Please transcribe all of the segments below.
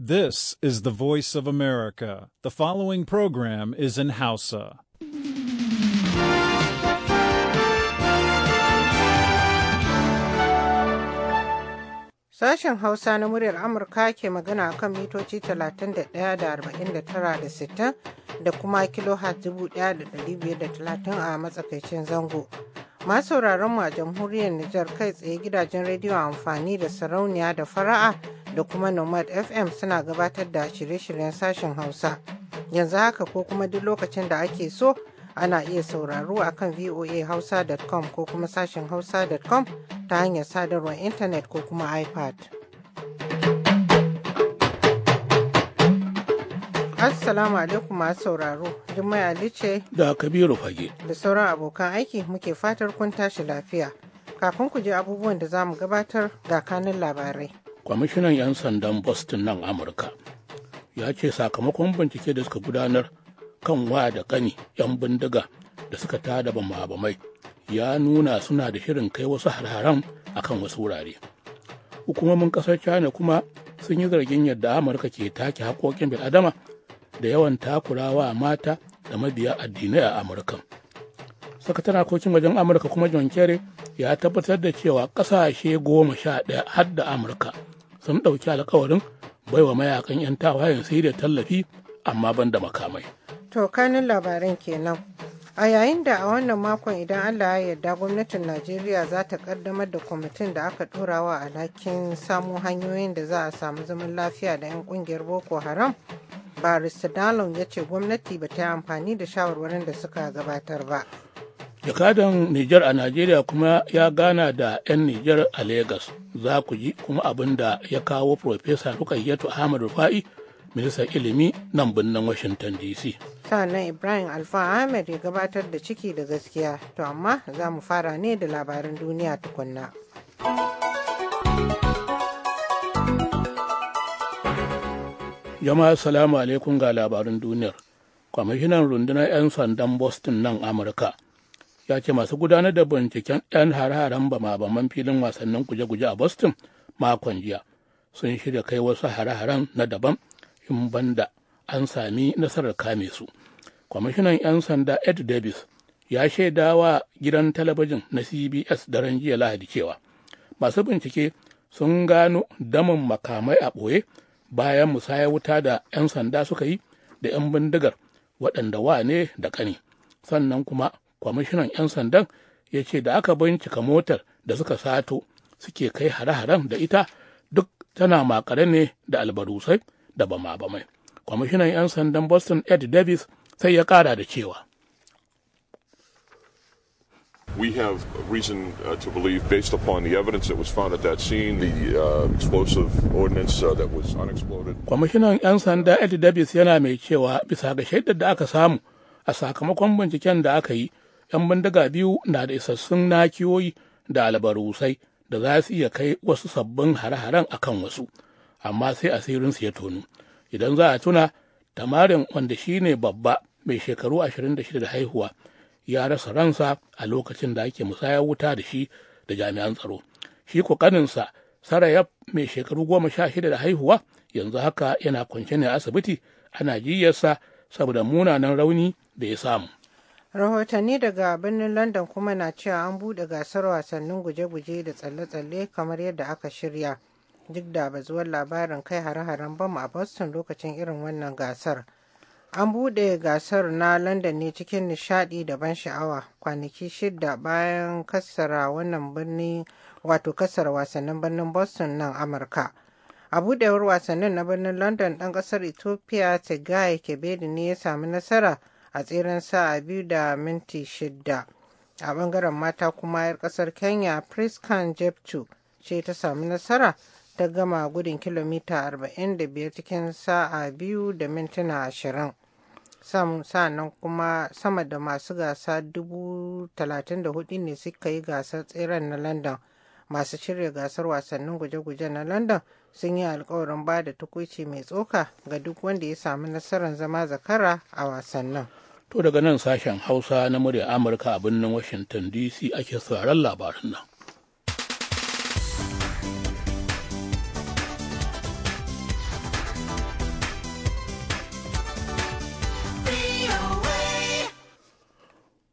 This is the voice of America. The following program is in Hausa. Sashen Hausa na muryar Amurka ke magana a kan mitoci 31 da da kuma kilohertz 1530 a matsakaicin zango. Masu sauraron mu a jamhuriyar Nijar kai tsaye gidajen rediyo amfani da sarauniya da fara'a da kuma nomad fm suna gabatar da shirye-shiryen sashen hausa yanzu haka ko kuma duk lokacin da ake so ana iya sauraro a kan voahausa.com ko kuma sashen hausa.com ta hanyar sadarwar intanet ko kuma ipad Assalamu alaikum masu sauraro, Jummai Ali ce da Kabiru Fage. Da sauran abokan aiki muke fatar kun tashi lafiya. Kafin ku je abubuwan da za mu gabatar ga kanin labarai. kwamishinan 'yan sandan boston nan amurka ya ce sakamakon bincike da suka gudanar kan wa da kani 'yan bindiga da suka tada bama-bamai ya nuna suna da shirin kai wasu hararen a kan wasu wurare hukumomin kasar china kuma sun yi zargin yadda amurka ke take haƙoƙin bil'adama da yawan takurawa mata da mabiya addinai a amurka sakatar harkokin wajen amurka kuma john kerry ya tabbatar da cewa ƙasashe goma sha ɗaya har da amurka sun ɗauki alkawarin baiwa mayakan 'yan tawayen sai da tallafi amma ban da makamai. To kanin labaran kenan. A yayin da a wannan makon idan Allah ya yarda gwamnatin Najeriya za ta kaddamar da kwamitin da aka ɗorawa alhakin samo hanyoyin da za a samu zaman lafiya da 'yan kungiyar Boko Haram, Barista Dalon ya ce gwamnati ba ta yi amfani da shawarwarin da suka gabatar ba. jakadan Nijar a Najeriya kuma ya gana da 'yan Nijar a Legas za ku ji kuma abin da ya kawo Profesa Rukayyatu Ahmad Rufa'i ministan ilimi nan birnin Washington DC. Sannan Ibrahim Alfa Ahmed ya gabatar da ciki da gaskiya to amma za mu fara ne da labarin duniya tukunna. Jama'a salamu alaikum ga labarin duniyar. Kwamishinan rundunar 'yan sandan Boston nan Amurka. ya ce masu gudanar da binciken 'yan hare-haren bama-baman filin wasannin guje-guje a boston makon jiya sun shirya kai wasu hare-haren na daban in banda an sami nasarar kame su kwamishinan 'yan sanda ed davis ya shaida wa gidan talabijin na cbs daren jiya lahadi cewa masu bincike sun gano damin makamai a ɓoye bayan musaya wuta da 'yan sanda suka yi da 'yan bindigar waɗanda wa ne da ƙani sannan kuma kwamishinan 'yan sandan ya ce da aka bincika motar da suka sato suke kai hare-haren da ita duk tana makare ne da albarusai da bama-bamai kwamishinan 'yan sandan boston ed davis sai ya kara da cewa We have reason uh, to believe, based upon the evidence that was found at that scene, the uh, explosive ordinance uh, that was unexploded. Kwamishinan 'yan sanda Ed Davis yana mai cewa bisa ga shaidar da aka samu a sakamakon binciken da aka yi 'yan bindiga biyu na da isassun nakiyoyi da albarusai da za su iya kai wasu sabbin hare-haren a kan wasu amma sai asirinsu ya tonu idan za a tuna tamarin wanda shi ne babba mai shekaru 26 da haihuwa ya rasa ransa a lokacin da ake musayar wuta da shi da jami'an tsaro shi kokaninsa sarayaf mai shekaru goma sha shida da haihuwa yanzu haka yana kwance ne a asibiti ana jiyarsa saboda munanan rauni da ya samu rahotanni daga birnin london kuma na cewa an bude gasar wasannin guje-guje da tsalle-tsalle kamar yadda aka shirya duk da ba bazuwar labarin kai hare-haren bam a boston lokacin irin wannan gasar an bude gasar na london ne cikin nishadi da ban sha'awa kwanaki shida bayan kassara wannan birni wato kassara wasannin birnin boston nan amurka a budewar wasannin na birnin london dan kasar ethiopia tigay kebedi ne ya sami nasara a tseren sa'a biyu da minti shida A bangaren mata kuma 'yar kasar Kenya Priscan Jeptu ce ta sami nasara ta gama gudun kilomita 45 cikin sa'a biyu da mintuna ashirin. nan kuma sama da masu gasa 34 ne suka yi gasar tseren na London. masu shirya gasar wasannin guje-guje na london sun yi alkawarin ba da tukuci mai tsoka ga duk wanda ya sami nasarar zama zakara a wasannin To daga nan sashen Hausa na murya Amurka a birnin Washington DC ake sauraron labarin nan.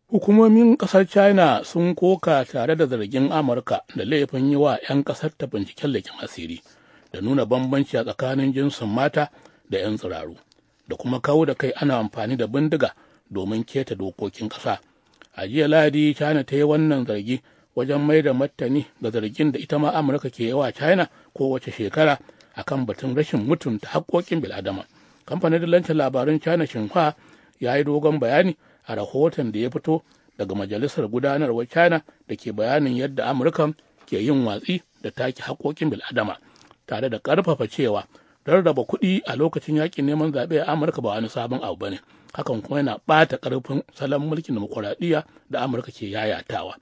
Hukumomin ƙasar China sun koka tare da zargin Amurka da laifin yi wa 'yan ƙasar ta binciken lakin asiri da nuna bambanci a tsakanin jinsin mata da 'yan tsiraru da kuma kawo da kai ana amfani da bindiga domin keta dokokin ƙasa a jiya ladi china ta yi wannan zargi wajen mai da martani ga zargin da ita ma amurka ke yawa china kowace shekara a kan batun rashin mutunta haƙƙoƙin bil'adama kamfanin dillancin labarun china Xinhua ya yi dogon bayani a rahoton da ya fito daga majalisar gudanarwar china da ke bayanin yadda amurka ke yin watsi da take haƙƙoƙin bil'adama tare da ƙarfafa cewa rarraba kuɗi a lokacin yaƙin neman zaɓe a amurka ba wani sabon abu ba ne hakan kuma yana ɓata ƙarfin salon mulkin demokuraɗiyya da amurka ke yayatawa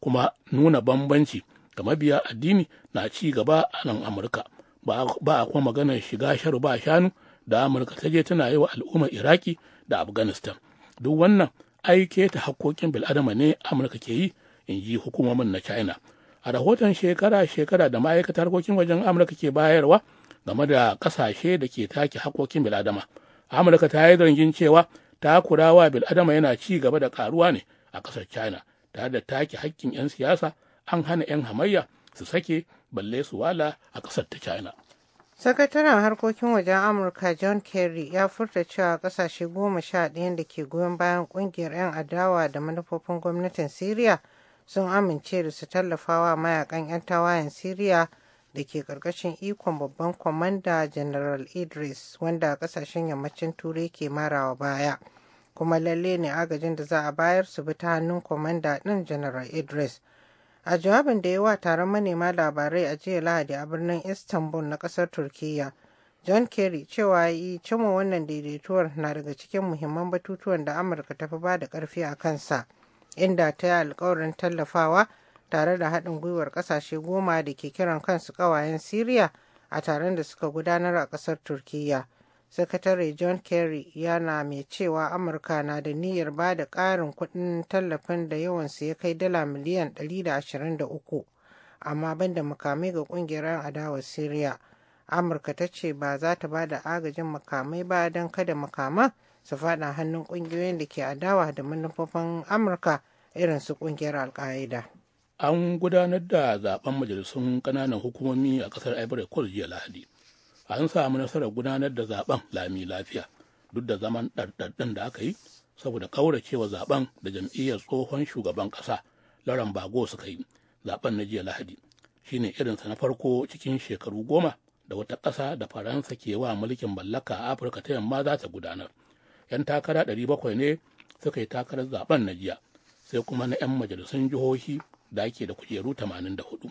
kuma nuna bambanci ga mabiya addini na ci gaba a nan amurka ba a kuma maganar shiga sharu ba shanu da amurka ta je tana yi wa al'ummar iraki da afghanistan duk wannan aike ta hakkokin bil'adama ne amurka ke yi in ji hukumomin na china a rahoton shekara-shekara da ma'aikatar harkokin wajen amurka ke bayarwa game da ƙasashe da ke take hakkokin bil'adama amurka ta yi zargin cewa takurawa bil'adama yana ci gaba da karuwa ne a ƙasar china tare da take hakkin 'yan siyasa an hana 'yan hamayya su sake balle su wala a ƙasar ta china sakataren harkokin wajen amurka john kerry ya furta cewa kasashe goma sha ɗaya da ke goyon bayan ƙungiyar 'yan adawa da manufofin gwamnatin syria sun amince da su tallafawa mayakan 'yan tawayen syria da ke ƙarƙashin ikon babban kwamanda general idris wanda ƙasashen yammacin turai ke marawa baya kuma lalle ne agajin da za a bayar su bi ta hannun kwamanda ɗin general idris a jawabin da ya wa taron manema labarai a jiya lahadi a birnin istanbul na ƙasar turkiyya john kerry cewa yi cimma wannan daidaituwar na daga cikin muhimman batutuwan da amurka ta fi ba da ƙarfi a kansa inda ta yi alkawarin tallafawa tare da haɗin gwiwar ƙasashe goma da ke kiran kansu ƙawayen Siriya a taron da suka gudanar a ƙasar Turkiyya. Sakatare John Kerry yana mai cewa Amurka na da niyyar ba da ƙarin kuɗin tallafin da yawansu ya kai dala miliyan 123, amma banda makamai ga ƙungiyar adawar Siriya. Amurka ta ce ba za ta ba da agajin makamai ba don kada makaman su faɗa hannun ƙungiyoyin da ke adawa da manufofin Amurka irin su ƙungiyar al an gudanar da zaben majalisun ƙananan hukumomi a ƙasar ivory coast jiya lahadi an samu nasarar gudanar da zaben lami lafiya duk da zaman ɗarɗarɗin da aka yi saboda ƙauracewa zaben da jam'iyyar tsohon shugaban ƙasa lauren bago suka yi zaben na jiya lahadi shine irinsa na farko cikin shekaru goma da wata ƙasa da faransa ke wa mulkin mallaka a afirka ta yamma za ta gudanar yan takara ɗari ne suka yi takarar zaben na jiya sai kuma na 'yan majalisun jihohi da ake da kujeru 84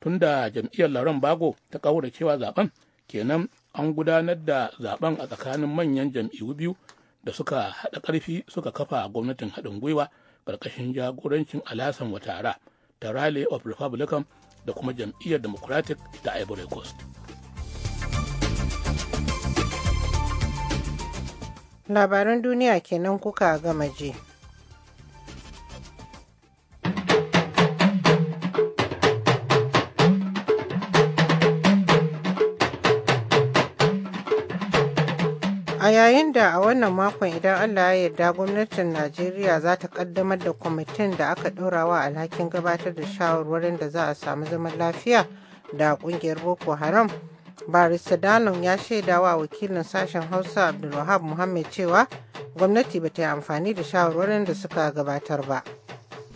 tun da jam'iyyar lauren bago ta da cewa zaben kenan an gudanar da zaben a tsakanin manyan jam'iyyu biyu da suka haɗa ƙarfi suka kafa gwamnatin haɗin gwiwa ƙarƙashin jagorancin alasan watara ta rally of republican da kuma jam'iyyar democratic ta ivory coast labaran duniya kenan kuka gama je. A yayin da a wannan makon idan Allah ya yarda gwamnatin Najeriya za ta kaddamar da kwamitin da aka ɗorawa alhakin gabatar da shawarwarin da za a samu zaman lafiya da ƙungiyar Boko Haram. Barista Danon ya shaidawa wakilin sashen Hausa Abdulwahab Muhammad cewa gwamnati ba ta yi amfani da shawarwarin da suka gabatar ba.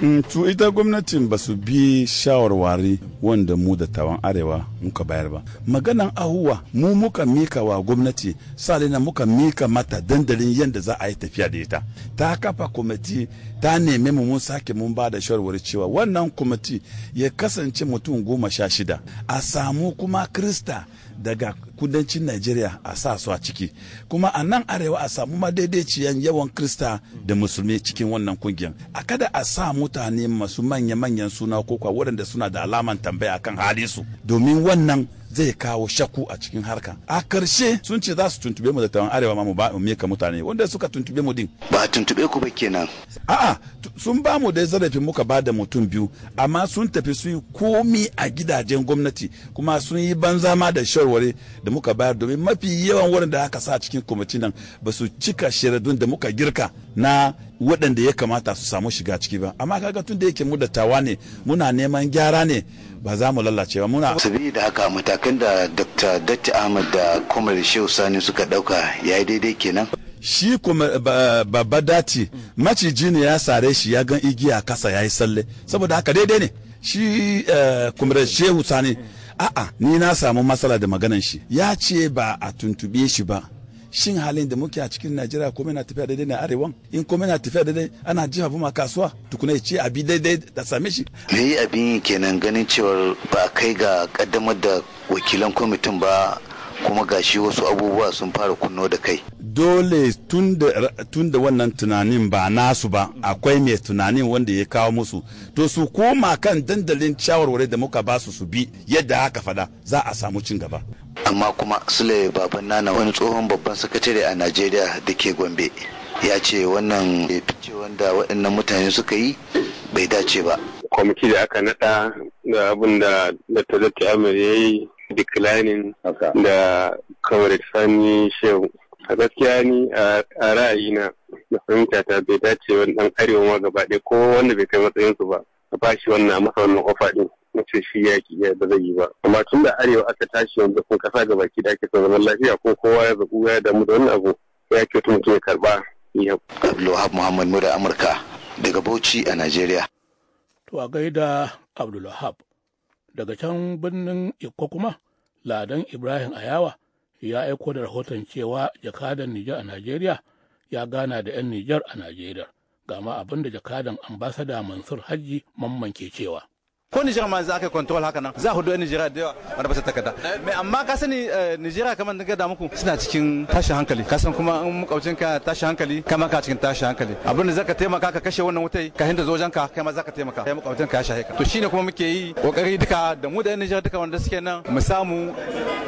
Mm, to ita gwamnatin ba su bi shawarwari wanda mu da tawan arewa muka bayar ba maganan ahuwa mu muka mika wa gwamnati salina muka mika mata dandalin yadda za a yi tafiya da ita ta kafa kwamiti ta nemi mu mun sake mun ba da shawarwari cewa wannan kwamiti ya kasance mutum goma sha shida a samu kuma krista daga kudancin Najeriya a sa su a ciki kuma a nan arewa a samu madaidaiciyan yawan krista da musulmi cikin wannan kungiyar a kada a sa mutane masu manya-manyan suna ko waɗanda suna da alaman tambaya akan halinsu domin wannan zai kawo shakku a cikin harkan a karshe sun ce za su tuntube mu da tawan arewa ma mu ba mu ka mutane wanda suka tuntube mu din ba tuntube ku ba kenan a'a sun ba mu da zarafin muka ba da mutum biyu amma sun tafi su yi komi a gidajen gwamnati kuma sun yi banza ma da shawarwari da muka bayar domin mafi yawan wurin da aka sa cikin kwamitin nan ba su cika shiradun da muka girka na waɗanda ya kamata su samu shiga ciki ba amma kaga tun da yake mu tawa ne muna neman gyara ne ba za mu lalace ba muna sabi da haka matakan da dr datti ahmad da kumar shehu sani suka dauka yi daidai kenan shi kuma babba dati maciji ne ya sare shi ya gan igiya kasa ya yi salle saboda haka daidai ne shi kumar eh, shehu sani a'a ni na samu matsala da maganan shi ya ce ba a tuntube shi ba shin halin da muke a cikin najeriya komai na tafiya daidai na arewa in komai na tafiya daidai ana jiha buma kasuwa tukuna ya ce abi daidai da same shi me abin yi kenan ganin cewar ba kai ga kaddamar da wakilan kwamitin ba kuma gashi wasu abubuwa sun fara kunno da kai dole tun da wannan tunanin ba nasu ba akwai mai tunanin wanda ya kawo musu to su koma kan dandalin shawarwari da muka basu su bi yadda haka fada za a samu cin gaba amma kuma sule baban nana wani tsohon babban sakatare a najeriya da ke gombe ya ce wannan fice wanda waɗannan mutane suka yi bai dace ba kwamiti da aka nada da abin da dr ta amir ya yi declining da comrade sani shehu a gaskiya ni a ra'ayina da fahimta ta bai dace wani dan arewa ma gaba ɗaya ko wanda bai kai matsayinsu ba a bashi wannan masa wannan ofa din ce shi ya da zai yi ba amma tun da arewa aka tashi yanzu kun kasa ga baki da ake son zaman lafiya ko kowa ya zaɓu ya damu da wannan abu ya ke tun ya karɓa. Abdulwahab Muhammad da Amurka daga Bauchi a Najeriya. To a gaida Abdulwahab daga can birnin Ikko kuma Ladan Ibrahim Ayawa ya aiko da rahoton cewa jakadan Nijar a Najeriya ya gana da 'yan Nijar a Najeriya. Gama abin da jakadan ambasada Mansur Hajji mamman ke cewa. ko Nijar ma za ka control haka nan za ku do Nijar da yawa wanda ba su takarda mai amma ka sani eh, Nijar kamar da gada muku suna cikin tashin hankali ka san kuma in mukaucin ka tashin hankali kamar ka cikin tashin hankali abin da zaka taimaka ka kashe wannan wutai ka hinda zojan ka kai ma zaka taimaka kai mukaucin ka ya shahe ka to shine kuma muke yi kokari duka da mu da Nijar duka wanda suke nan mu samu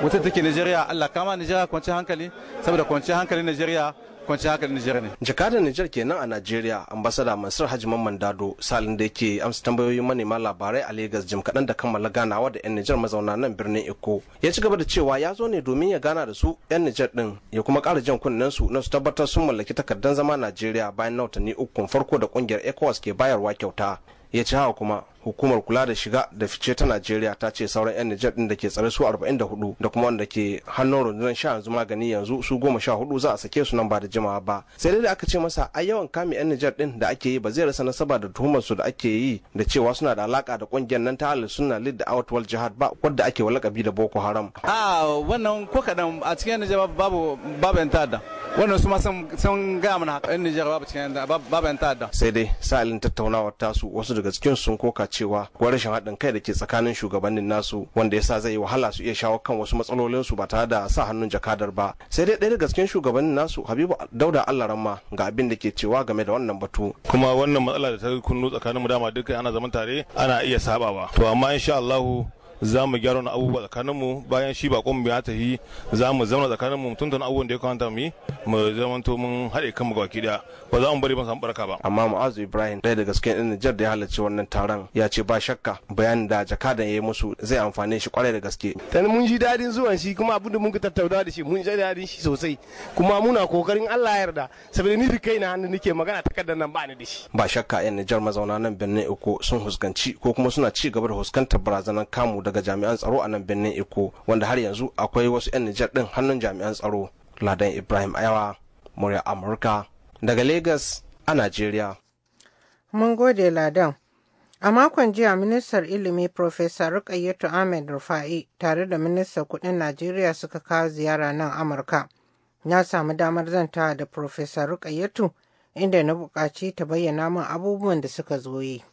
wuta take Nijeriya Allah kama Nijeriya kwanciyar hankali saboda kwanciyar hankali Nijeriya kwanci haka da Nijar ne. Jakadar Nijar kenan a Najeriya ambasada Mansur Haji Mamman Dado salin da yake amsa tambayoyin manema labarai a Legas jim kaɗan da kammala ganawa da 'yan Nijar mazauna nan birnin Eko. Ya ci gaba da cewa ya zo ne domin ya gana da su 'yan Nijar ɗin ya kuma ƙara jan kunnen su na su tabbatar sun mallaki takardar zama Najeriya bayan na watanni ukun farko da ƙungiyar ECOWAS ke bayarwa kyauta. Ya ci hawa kuma hukumar kula da shiga da fice ta najeriya ta ce sauran 'yan nijar din da ke tsare su 44 da kuma wanda ke hannun rundunar sha yanzu magani yanzu su goma sha hudu za a sake su nan ba da jimawa ba sai dai da aka ce masa a yawan kame 'yan nijar din da ake yi ba zai rasa nasaba da tuhumar su da ake yi da cewa suna da alaka da kungiyar nan ta halin suna lid da outward jihad ba wadda ake walakabi da boko haram a wannan ko kadan a cikin nijar babu babu yan ta'adda wannan su ma sun gaya mana haka nijar babu cikin yan ta'adda sai dai sa'ilin tattaunawar tasu wasu daga cikin sun koka lalacewa ko rashin haɗin kai da ke tsakanin shugabannin nasu wanda ya sa zai yi wahala su iya shawo kan wasu matsalolin su ba tare da sa hannun jakadar ba sai dai ɗaya daga cikin shugabannin nasu Habibu Dauda Allah Ramma ga abin da ke cewa game da wannan batu kuma wannan matsala da ta kunnu tsakanin mu dama dukkan ana zaman tare ana iya sabawa to amma insha allahu za mu gyara wani abubuwa tsakaninmu bayan shi bakon mu ya tafi za mu zauna tsakaninmu mu tuntun abubuwan da ya kwanta mu yi mu zama to mun haɗe kanmu gaba daya ba za mu bari mu samu barka ba. amma mu'azu ibrahim ɗaya da cikin ɗin nijar da ya halarci wannan taron ya ce ba shakka bayanin da jakadan ya yi musu zai amfane shi kwarai da gaske. tani mun ji daɗin zuwan shi kuma abin da mun ka tattauna da shi mun ji daɗin shi sosai kuma muna kokarin Allah yarda saboda ni kai na hannu nake magana takardar nan ba ni da shi. ba shakka 'yan nijar mazauna nan birnin eko sun huskanci ko kuma suna ci gaba da huskantar barazanar kamu da daga jami'an tsaro a nan birnin Iko wanda har yanzu akwai wasu 'yan Nijar din hannun jami'an tsaro. Ladan Ibrahim Ayawa, murya Amurka daga Lagos a Najeriya. Mun gode Ladan. A makon jiya ministar ilimi Profesa Rukayyatu Ahmed Rufa'i tare da Ministar kudin Najeriya suka kawo ziyara nan Amurka. Na samu damar zanta da Profesa Rukayyatu inda na buƙaci ta bayyana min abubuwan da suka zo yi.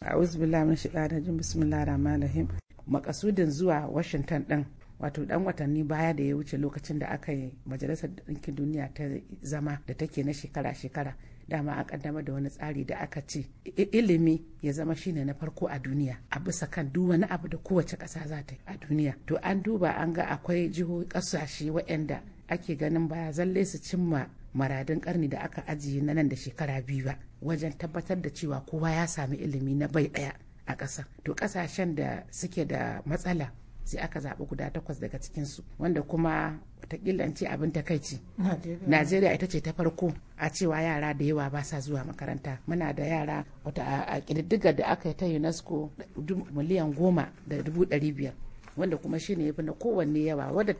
a'udhu mun shiga da jin makasudin zuwa Washington din wato dan watanni baya da ya wuce lokacin da aka yi majalisar ɗinkin duniya ta zama da take na shekara-shekara dama a kaddama da wani tsari da aka ce ilimi ya zama shine na farko a duniya a bisa kan duk wani abu da kowace ƙasa za ta yi a duniya to an duba an ga akwai jihohi ƙasashe waɗanda ake ganin ba zalle su cimma maradin karni da aka ajiye na nan da shekara biyu ba wajen tabbatar da cewa kowa ya sami ilimi na bai ɗaya a ƙasa to ƙasashen da suke da matsala sai aka zaɓi guda takwas daga cikinsu wanda kuma watakila ce abin takaici najeriya ita ce ta farko a cewa yara da yawa ba sa zuwa makaranta muna da yara wata a ƙididdigar da aka yi ta unesco miliyan goma da dubu ɗari biyar wanda kuma shine fi na kowanne yawa wadda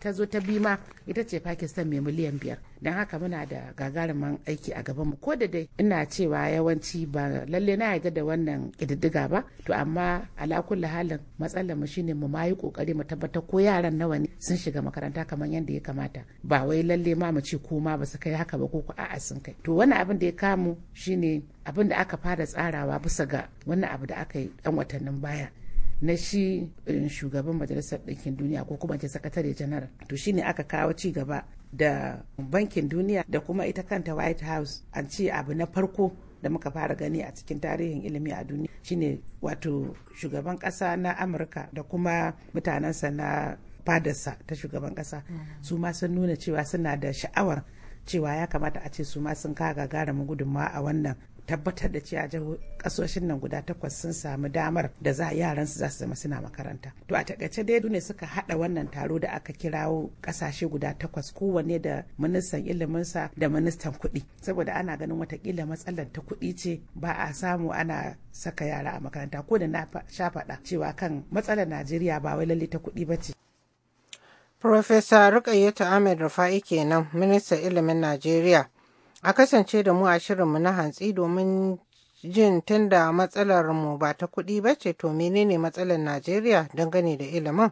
ta zo ta bi ma ita ce pakistan mai miliyan biyar don haka muna da gagarumin aiki a gabanmu ko da dai ina cewa yawanci ba lalle na yarda da wannan kididdiga ba to amma ala kulli halin matsalar mu shine mu ma yi kokari mu tabbatar ko yaran nawa ne sun shiga makaranta kamar yadda ya kamata ba wai lalle ma mu ce ko ma ba su kai haka ba ko ku a'a sun kai to wannan abin da ya kamu shine abin da aka fara tsarawa bisa ga wani abu da aka yi dan watannin baya na shi eh, shugaban majalisar ɗinkin duniya ko kuma ce sakatare janar to shine aka kawo ci gaba da bankin duniya da kuma ita kanta white house an ce abu na farko da muka fara gani a cikin tarihin ilimi a duniya shine wato shugaban ƙasa na amurka da kuma mutanensa na fadarsa ta shugaban ƙasa mm. su ma sun nuna cewa suna da sha'awar cewa ya kamata a ce su ma sun kaga garamin gudunmawa a wannan tabbatar da cewa kasoshin nan guda takwas sun samu damar da za yaran su za su zama suna makaranta to a takaice dai ne suka hada wannan taro da aka kirawo kasashe guda takwas kowanne da ministan iliminsa da ministan kuɗi saboda ana ganin watakila matsalar ta kuɗi ce ba a samu ana saka yara a makaranta ko da na sha faɗa cewa kan matsalar najeriya ba wai lalle ta kuɗi ba ce Profesa Rukayyatu Ahmed Rufa'i kenan, Ministan Ilimin Najeriya. A kasance da mu a shirinmu na hantsi domin jin tunda matsalar mu ba ta kuɗi ba ce to menene matsalar Najeriya dangane da ilimin.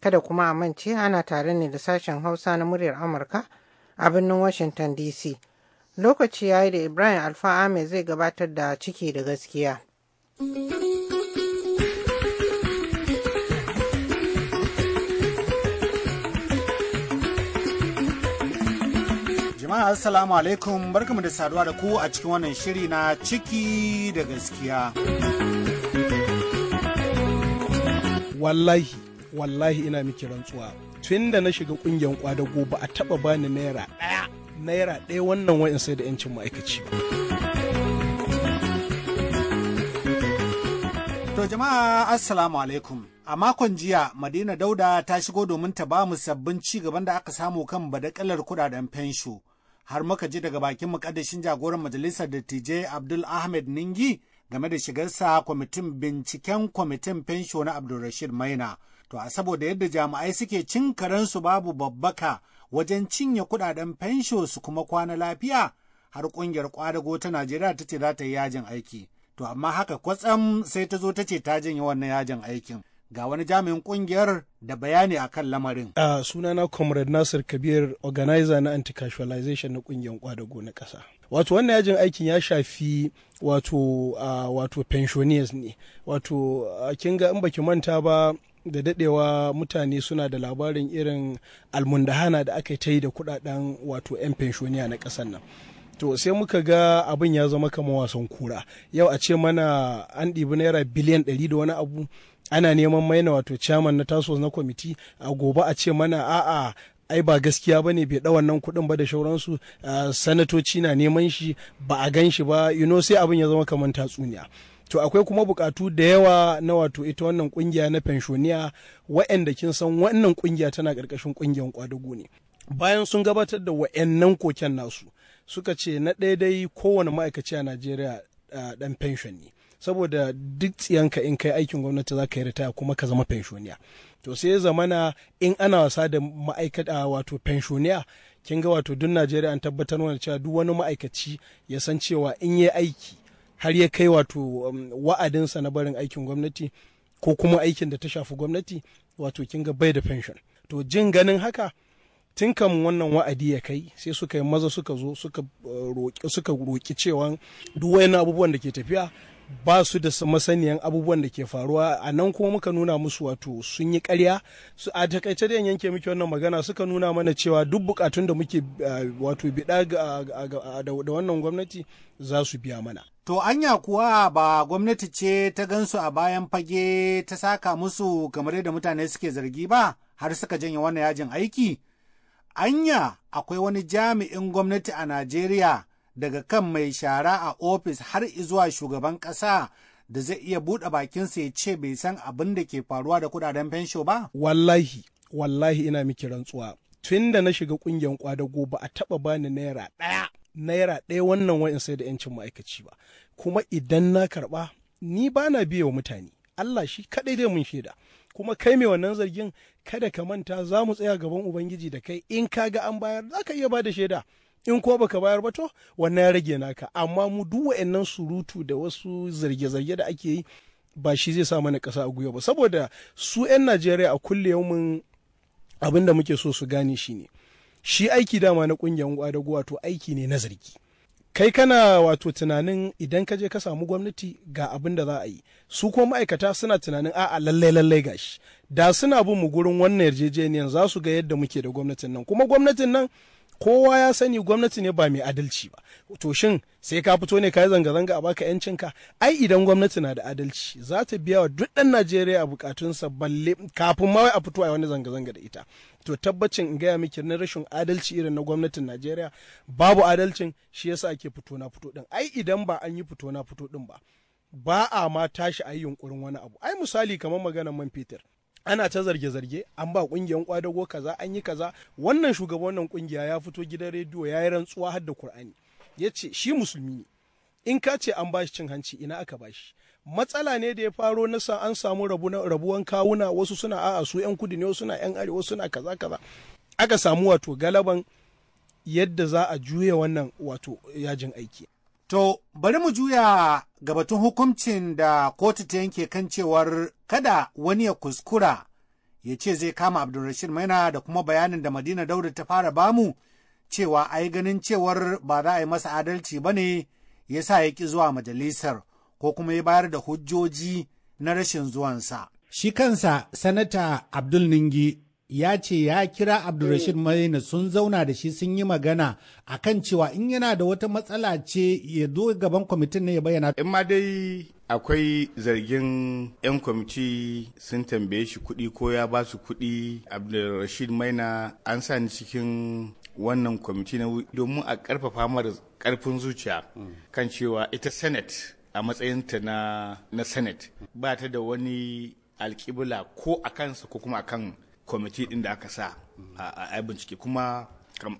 Kada kuma a mance ana tare ne da sashen Hausa na muryar Amurka a birnin Washington DC. Lokaci ya yi da Ibrahim Alfa zai gabatar da ciki da gaskiya. jama'a assalamu alaikum barkamu da saduwa da ku a cikin wannan shiri na ciki da gaskiya wallahi wallahi ina miki rantsuwa tun da na shiga kungiyar kwadago ba a taba bani naira ɗaya naira ɗaya wannan wa'in sai da 'yancin ma'aikaci To jama'a assalamu alaikum. A makon jiya Madina Dauda ta shigo domin ta ba mu sabbin ci gaban da aka samu kan badakalar kudaden fensho har muka ji daga bakin mukaddashin jagoran majalisar dattijai Abdul Ahmed Ningi game da shigarsa kwamitin binciken kwamitin fensho na Abdulrashid Maina. To a saboda yadda jami'ai suke cin karensu babu babbaka wajen cinye kudaden fensho su kuma kwana lafiya har kungiyar kwadago ta Najeriya ta ce za ta yi yajin aiki. To amma haka kwatsam sai ta zo ta ce ta janye wannan yajin aikin. ga wani jami'in kungiyar da bayani a kan lamarin. A sunana Comrade Nasir Kabir, organizer na anti-casualization na kungiyar kwadago na ƙasa. Wato wannan yajin aikin ya shafi wato uh, wato pensioners ne. Wato kin ga in baki manta ba da dadewa mutane suna da labarin irin almundahana da aka ta yi da kudaden wato 'yan pensioner na ƙasar nan. to sai muka ga abin ya zama kamar wasan kura yau a ce mana an ɗibi naira biliyan ɗari da wani abu ana neman maina wato chairman na taso na kwamiti a gobe a ce mana a'a ai ba gaskiya ba ne bai ɗa wannan kuɗin ba da shauransu sanatoci na neman shi ba a gan shi ba you know sai abin ya zama kamar tatsuniya to akwai kuma bukatu da yawa na wato ita wannan kungiya na pensioniya wa'anda kin san wannan kungiya tana ƙarƙashin kungiyar kwadago ne bayan sun gabatar da wa'annan koken nasu suka ce na daidai dai kowane ma'aikaci a najeriya ɗan pension ne saboda duk tsiyanka in kai aikin gwamnati za ka yi ritaya kuma ka zama fenshoniya to sai zamana in ana wasa da ma'aikata wato fenshoniya kin ga wato duk najeriya an tabbatar wani cewa duk wani ma'aikaci ya san cewa in yi aiki har ya kai wato um, wa'adinsa na barin aikin gwamnati ko kuma aikin da ta shafi gwamnati wato kin ga bai da fenshon to jin ganin haka tun kan wannan wa'adi ya kai sai suka yi maza suka zo suka uh, roƙi cewa duk wani abubuwan da ke tafiya ba su da masaniyan abubuwan da ke faruwa a nan kuma muka nuna musu wato sun yi karya su a takaice da yanke miki wannan magana suka nuna mana cewa duk bukatun da muke wato biɗa da wannan gwamnati za su biya mana to anya kuwa ba gwamnati ce ta gansu a bayan fage ta saka musu kamar yadda mutane suke zargi ba har suka janye wannan yajin aiki anya akwai wani jami'in gwamnati a najeriya daga kan mai shara a ofis har zuwa shugaban ƙasa da zai iya buɗe bakinsa ya ce bai san abin da ke faruwa da kudaden fensho ba? Wallahi, wallahi ina miki rantsuwa. Tun da na shiga ƙungiyar kwadago ba a taɓa bani naira ɗaya. Naira ɗaya wannan wa'in sai da 'yancin ma'aikaci ba. Kuma idan na karɓa, ni ba na biya wa mutane. Allah shi kaɗai dai mun shaida. Kuma kai mai wannan zargin kada ka manta za mu tsaya gaban Ubangiji da kai in ka ga an bayar za ka iya ba da shaida. in ko baka bayar ba to wannan ya rage naka amma mu duk wa'annan surutu da wasu zarge-zarge da ake yi ba shi zai sa mana ƙasa a gwiwa ba saboda su 'yan najeriya a kulle mun abin da muke so su gane shi ne shi aiki dama na ƙungiyar ƙwadago wato aiki ne na zargi kai kana wato tunanin idan ka je ka samu gwamnati ga abin da za a yi su kuma ma'aikata suna tunanin a'a lallai lallai gashi da suna bin mu gurin wannan yarjejeniyar za su ga yadda muke da gwamnatin nan kuma gwamnatin nan kowa ya sani gwamnati ne ba mai adalci ba to shin sai ka fito ne ka yi zanga-zanga a baka yancinka ai idan gwamnati na da adalci za ta biya wa duk ɗan najeriya bukatunsa balle kafin ma wai a fito a wani zanga-zanga da ita to tabbacin in gaya miki na rashin adalci irin na gwamnatin najeriya babu adalcin shi yasa ake fito na fito din ai idan ba an yi fito na fito din ba ba a ma tashi a yi yunkurin wani abu ai misali kamar maganar man fetur ana ta zarge-zarge an ba kungiyan kwadago kaza an yi kaza wannan shugaban wannan kungiya ya fito gidan rediyo ya yi rantsuwa har da kur'ani ya ce shi musulmi ne in ka ce an bashi cin hanci ina aka bashi matsala ne da ya faro na sa an samu rabuwan kawuna wasu suna a'a su yan kudu ne wasu suna yan arewa suna kaza kaza aka samu wato galaban yadda za a juya wannan wato yajin aiki To, bari mu juya ga batun hukuncin da kotu ta yanke kan cewar kada wani ya kuskura ya ce zai kama Abdulrashid Maina da kuma bayanin da Madina Dauda ta fara bamu cewa ai ganin cewar ba za a yi masa adalci ba ne ya sa ya ki zuwa majalisar ko kuma ya bayar da hujjoji na rashin zuwansa. Shi kansa Sanata Abdul Ningi ya ce ya kira Abdulrashid eh. Maina sun zauna da shi sun yi magana akan cewa in yana da wata matsala ce ya zo gaban kwamitin ne ya bayyana. In ma dai akwai zargin 'yan kwamiti sun tambaye shi kuɗi ko ya ba su kuɗi Abdulrashid Maina an sa ni cikin wannan kwamiti na domin a ƙarfafa mara ƙarfin zuciya kan cewa ita senate a matsayinta na, na senate ba ta da wani alƙibla ko a kansa ko kuma a kan kwamiti din da aka sa a bincike kuma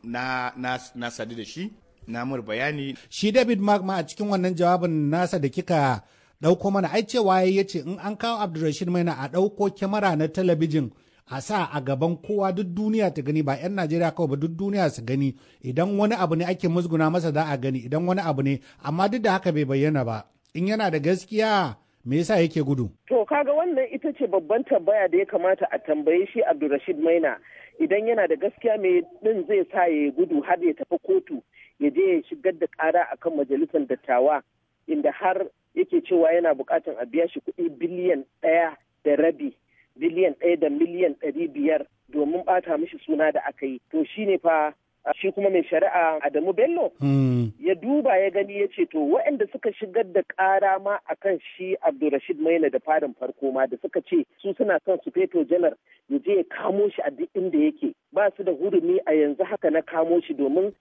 na sadu da shi na mur bayani shi david mark ma a cikin wannan jawabin nasa da kika ɗauko mana ai cewa ya ce in an kawo abdulrashid maina a ɗauko kyamara na talabijin a sa a gaban kowa duk duniya ta gani ba 'yan najeriya kawai ba duk duniya su gani idan wani abu ne ake musguna masa za a gani idan wani abu ne amma duk da haka bai bayyana ba in yana da gaskiya me yasa yake gudu to kaga wannan ita ce babban tambaya da ya kamata a tambaye shi Abdulrashid Maina idan yana da gaskiya mai din zai sa ya gudu har ya tafi kotu ya je ya shigar da ƙara akan majalisar dattawa inda har yake cewa yana bukatan a biya shi kuɗi biliyan ɗaya da rabi biliyan ɗaya da miliyan ɗari biyar domin bata mishi suna da aka yi to shine fa shi kuma mai shari'a Adamu Bello hmm. ya duba ya gani ya ce to waɗanda suka shigar da ƙara ma akan shi Abdulrashid Maina da farin farko ma da suka ce su suna son su feto janar ya je ya kamo shi a duk inda yake ba su da hurumi a yanzu haka na kamo shi domin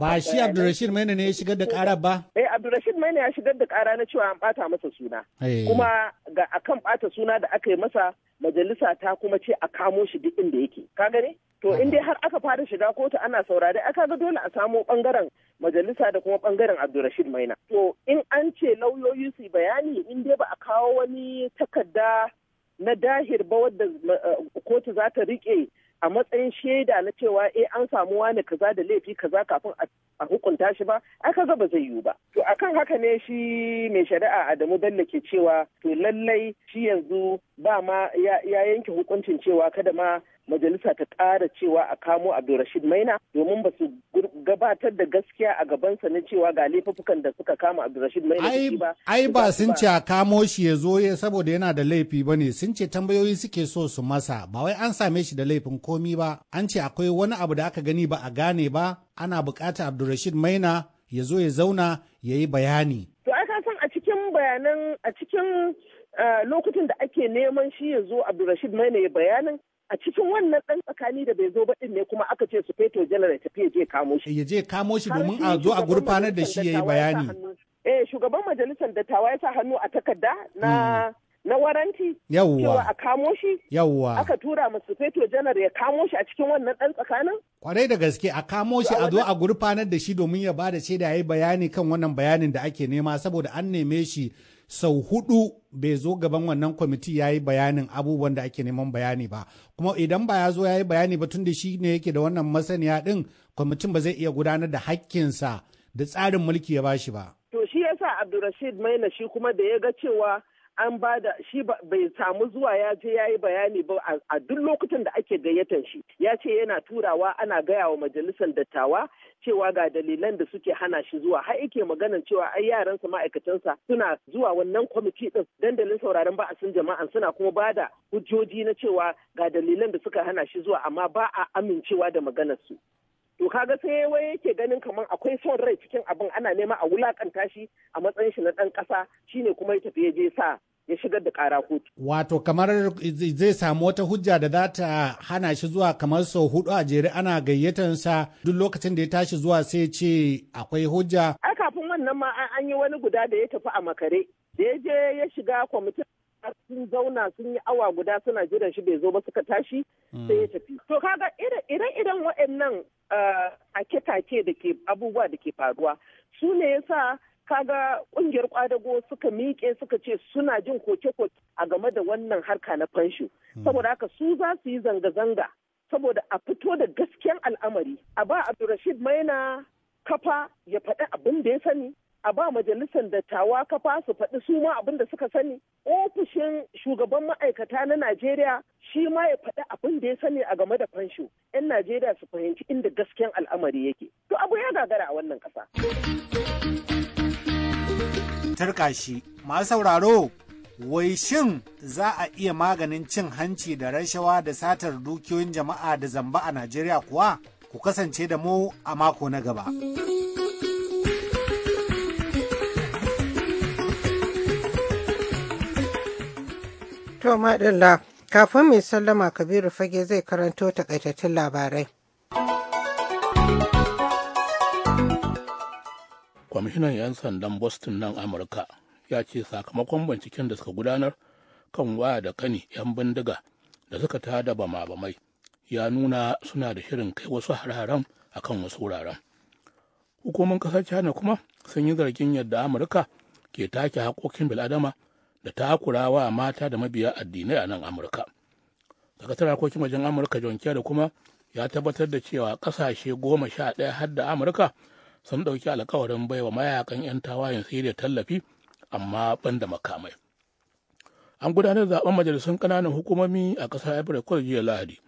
ba shi Abdulrashid Maina ne ya shigar da kara ba eh Abdulrashid Maina ya shigar da ƙara na cewa an bata masa suna eh. kuma ga akan bata suna da aka yi masa majalisa ta kuma ce a kamo shi duk inda yake ka gani to in dai har aka fara shiga kotu ana saurari aka ga dole a samo bangaren majalisa da kuma bangaren Abdulrashid Maina to in an ce lauyoyi su bayani in dai ba a kawo wani takarda na dahir ba wadda eh, kotu za ta rike a matsayin shaida na cewa eh an samu wani kaza da laifi kaza kafin a hukunta shi ba ai kaza ba zai yiwu ba to akan haka ne shi mai shari'a Adamu Bello ke cewa to lallai shi yanzu ba ma ya yanke hukuncin cewa kada ma majalisa ta ƙara cewa a kamo Abdulrashid Maina domin ba su gabatar da gaskiya a gabansa na cewa ga laifukan da suka kama Abdulrashid Maina ba. Ai ba sun ce a kamo shi ya zo ya saboda yana da laifi ba ne sun ce tambayoyi suke so su masa ba wai an same shi da laifin komi ba an ce akwai wani abu da aka gani ba a gane ba ana bukata Abdulrashid Maina ya zo ya zauna ya yi bayani. To ai ka san a cikin bayanan a cikin eh, lokacin da ake neman shi ya zo Abdulrashid Maina ya bayanin a cikin wannan ɗan tsakani da bai zo ba ne kuma aka ce su feto janar ya tafi je kamo shi. Ya je kamo shi domin a zo a gurfanar da shi ya yi bayani. Eh shugaban majalisar dattawa ya sa hannu a takarda na hmm. na waranti. Yawwa. a kamo shi. Yawwa. Aka tura masu feto janar ya kamo shi a cikin wannan ɗan tsakanin. Kwarai da gaske a kamo shi a zo a gurfanar da shi domin ya ba da shaida ya yi bayani kan wannan bayanin da ake nema saboda an neme shi sau hudu bai zo gaban wannan kwamiti ya yi bayanin abubuwan da ake neman bayani ba kuma idan ba ya zo ya yi bayani ba tun da shi ne yake da wannan masaniya din kwamitin ba zai iya gudanar da hakkinsa da tsarin mulki ya bashi ba. To shi yasa Abdulrashid Maina shi kuma da ya ga cewa an ba da shi bai samu zuwa ya je ya yi bayani ba a duk lokutan da ake gayyatan shi ya ce yana turawa ana gaya wa majalisar dattawa cewa ga dalilan da suke hana shi zuwa har yake maganan cewa ai yaransa ma'aikatansa suna zuwa wannan kwamiti din dandalin sauraron ba'asin jama'an suna kuma ba da hujjoji na cewa ga dalilan da suka hana shi zuwa amma ba a amincewa da maganar su to kaga sai wai yake ganin kamar akwai son rai cikin abin ana nema a wulakanta shi a matsayin shi na ɗan ƙasa shine kuma ya tafi ya je sa ya shigar da kara kotu. Wato kamar zai samu wata hujja da za ta hana shi zuwa kamar sau hudu a jere ana gayyatar sa duk lokacin da ya tashi zuwa sai ce akwai hujja. Ai kafin wannan ma an yi wani guda da ya tafi a makare da ya je ya shiga kwamitin sun zauna sun yi awa guda suna jiran shi bai zo ba suka tashi hmm. sai ya tafi. To kaga ire-iren waɗannan Eh, take-take da ke abubuwa da ke faruwa su ne ya yasa kaga ƙungiyar ƙwadago suka miƙe suka ce suna jin koke-koke a game da wannan harka na fansho hmm. saboda haka su za su yi zanga-zanga saboda a fito da gaskiyan al'amari a ba abdulrashid maina kafa ya faɗi abin da ya sani a ba majalisar dattawa kafa su faɗi su ma abin da suka sani ofishin shugaban ma'aikata na najeriya shi ma ya faɗi abin da ya sani a game da fansho 'yan najeriya su fahimci inda gasken al'amari yake to abu ya gagara a wannan ƙasa. tarkashi ma masu sauraro wai shin za a iya maganin cin hanci da rashawa da satar dukiyoyin jama'a da zamba a najeriya kuwa ku kasance da mu a mako na gaba. To madalla kafin mai sallama Kabiru Fage zai karanto takaitattun labarai. Kwamishinan 'yan sandan Boston nan Amurka ya ce sakamakon binciken da suka gudanar kan waya da kani 'yan bindiga da suka ta da bama-bamai ya nuna suna da shirin kai wasu hararen a kan wasu wuraren. Hukumomin ƙasar China kuma sun yi zargin yadda Amurka ke take haƙoƙin bil'adama da wa mata da mabiya addinai a nan amurka sakatar harkokin wajen amurka john kerry kuma ya tabbatar da cewa kasashe goma sha ɗaya har da amurka sun ɗauki alkawarin baiwa mayakan 'yan tawayen siriya tallafi amma ban da makamai an gudanar zaben majalisun ƙananan hukumomi a ƙasar ivory coast jiya lahadi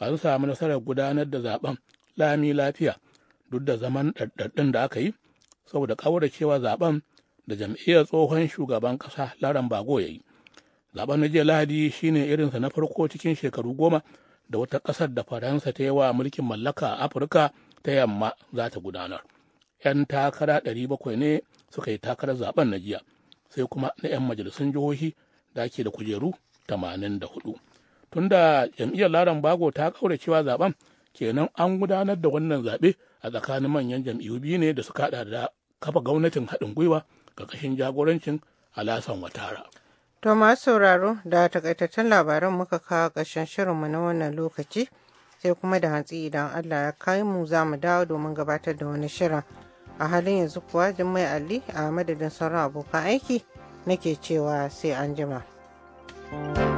an samu nasarar gudanar da zaben lami lafiya duk da zaman ɗaɗɗaɗɗin da aka yi saboda da cewa zaben da jam'iyyar tsohon shugaban ƙasa laran bago ya yi zaben na jiya lahadi shine irinsa na farko cikin shekaru goma da wata ƙasar da faransa ta yi wa mulkin mallaka a afirka ta yamma za ta gudanar 'yan takara 700 ne suka yi takarar zaben na jiya sai kuma na 'yan majalisun jihohi da ake da kujeru 84 tun da jam'iyyar laran bago ta kaura cewa zaben kenan an gudanar da wannan zaɓe a tsakanin manyan jam'iyyu biyu ne da suka haɗa da kafa gwamnatin haɗin gwiwa ƙarƙashin jagorancin alasan watara to masu sauraro da takaitaccen labaran muka kawo ƙarshen shirinmu na wannan lokaci sai kuma da hantsi idan allah ya kai mu za mu dawo domin gabatar da wani shirin a halin yanzu kuwa jummai ali a madadin sauran abokan aiki nake cewa sai an jima. thank you